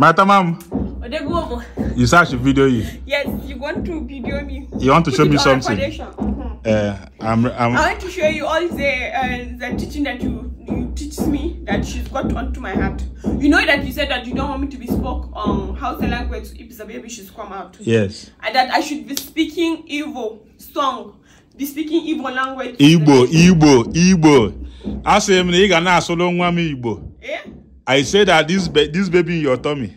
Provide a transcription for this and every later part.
Martha, ma'am. You said I should video you. Yes, you want to video me. You want to show me something. Uh, I'm, I'm, i want to show you all the uh, the teaching that you, you teach me that she's got onto my heart. You know that you said that you don't want me to be spoke um how the language if the baby should come out. Yes. And that I should be speaking Igbo song, be speaking Igbo language. Igbo, Igbo, Igbo. I say, I'm going to ask you, Igbo. Eh? I say that this ba- this baby in your tummy,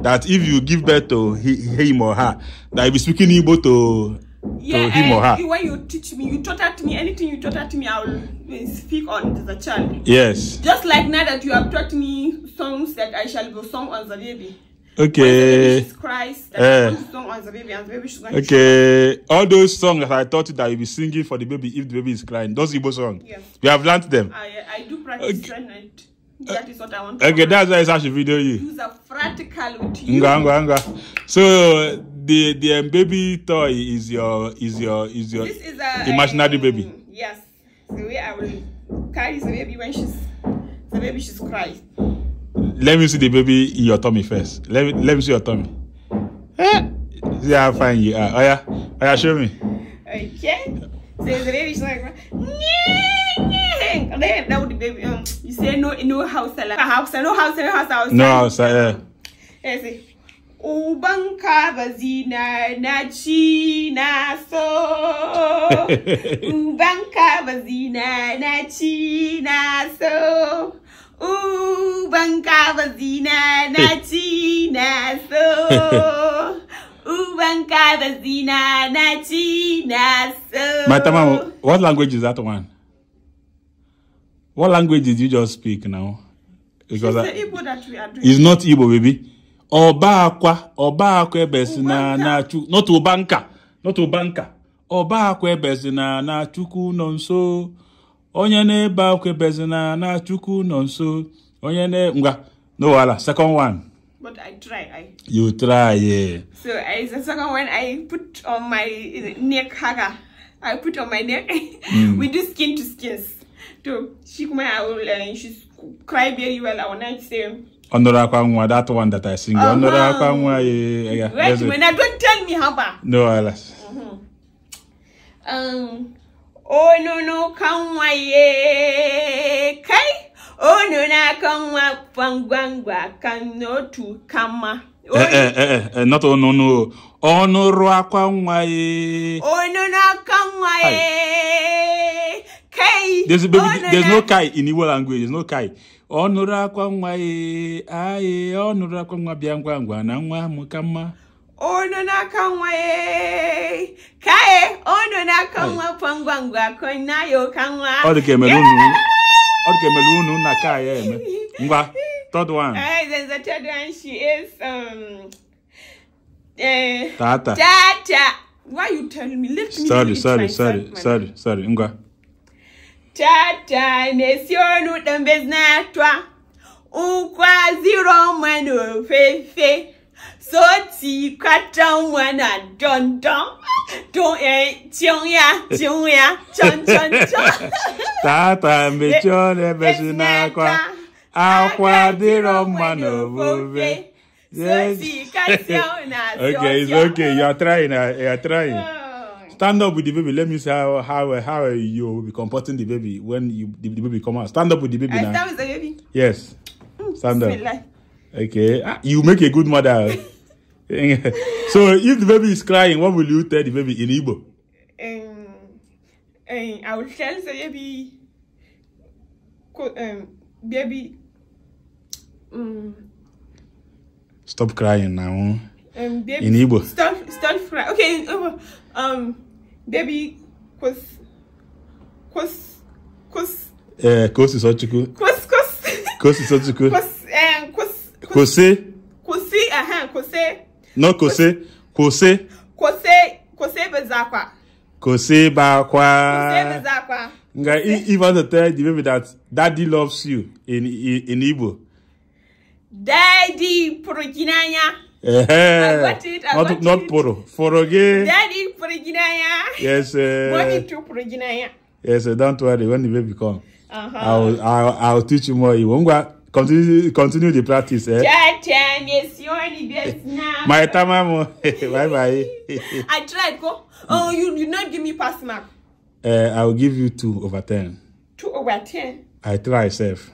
that if you give birth to he- him or her, that you be speaking Igbo to yeah, to him or eh, her. When you teach me, you taught at me anything you taught at me, I will eh, speak on the child. Yes. Just like now that you have taught me songs that I shall go song on the baby. Okay. The Christ, uh, the baby, eh. the baby okay. All those songs that I taught you that you'll be singing for the baby if the baby is crying, those Igbo songs. Yes. You have learned them. I, I do practice okay. That is what I want. okay, that's why I should video you. Use a fratical with you. Nga, nga, nga. So the the um, baby toy is your is your is your this is a, imaginary a, mm, baby. Yes, the way I will carry the baby when she's the baby she's crying. Let me see the baby in your tummy first. Let me let me see your tummy. Yeah, See how fine you are. Oh yeah, oh yeah, show me. Okay. So the baby is like, yeah, yeah. Then that would the baby. Um, say no no hausa la hausa no hausa no no yeah yes eh, uban ka bazina na ci na so uban ka bazina na ci na so uban ka bazina na ci na so uban ka bazina na ci na so my what language is that one What language did you just speak now? Because I, Igbo that we are doing. It's not Igbo, baby. Ọba akwa, ọba akwa ebesi na na chu, not Obanka, not Obanka. Ọba akwa ebesi na na chukwu nọ nso. Onye na-ebe akwa ebesi na na chukwu nọ nso. Onye na ngwa. No wahala, second one. But I try. I You try, yeah. So I the second one I put on my neck haga. I put on my neck. Mm. we do skin to skins. to she kuma I and uh, she's cry very well I will not say Honora Kwangwa, that one that I sing. Uh -huh. Honora Kwangwa, yeah, yeah. Wait, when I don't tell me how about. No, alas. Uh huh. Um, oh no no Kwangwa, yeah, kai. Oh no na Kwangwa, Kwangwa, kan no to kama. Eh, eh, eh, eh, not oh no no. Honora Kwangwa, Oh no na Kwangwa, yeah. there's, a baby, oh, there's no kai in Igbo language. There's no kai. Ọ nụrụ akwa nwa ye, aye, ọ nụrụ akwa nwa bịa ngwa ngwa na nwa amụka mma. Ọ nọ n'aka nwa ye, kae, ọ nọ n'aka nwa kwa ngwa ngwa kọ na ya ụka nwa. Ọ dị ka emere unu, ọ na kai ya eme. Ngwa, third one. Uh, there's a third one, she is, um, uh, Tata. Tata. Why you tell me? Let me sorry, sorry, sorry, sorry, sorry, sorry, sorry, ngwa. Tata ne sionu tembezna toi. Ou kwa ziro mwano fefe. Soti kata mwana don don. Don e eh, tiong ya tiong ya chon chon chon. Tata mbecho nebezna kwa. Akwa diro mwano fefe. Yes. okay, it's okay. You are trying. Uh, you are trying. Uh, Stand up with the baby. Let me see how how how you will be comporting the baby when you the, the baby come out. Stand up with the baby I now. Stand with the baby. Yes. Hmm, stand up. Okay. Ah, you make a good mother. so if the baby is crying, what will you tell the baby in Igbo? Um, um, I will tell the baby, um, baby, um, Stop crying now. Um, baby, in Igbo. Stop, stop crying. Okay, um, Debbie Cos. Cos. Cos. É, Cos Exótico. Cos, Cos. Cos Exótico. Cos. É, Cos. Cosê. Cosê, aham, Cosê. Não, Cosê. Cosê. Cosê. Cosê Bezakwa. Cosê Bakwa. Cosê Bezakwa. Nga, even to tell the baby that daddy loves you in, in, in Igbo. Daddy Porokinanya. Yeah. I got it, I got not, it. Not Poro. Foroge. Daddy Yes, sir. Mommy too Pruginaya. Yes, sir. Don't worry. When the baby come, uh-huh. I'll, I'll I'll teach you more. You won't go. Continue continue the practice. Eh? My time, bye bye. I tried go. Oh, you you not give me pass mark. Uh, I will give you two over ten. Two over ten. I try, self.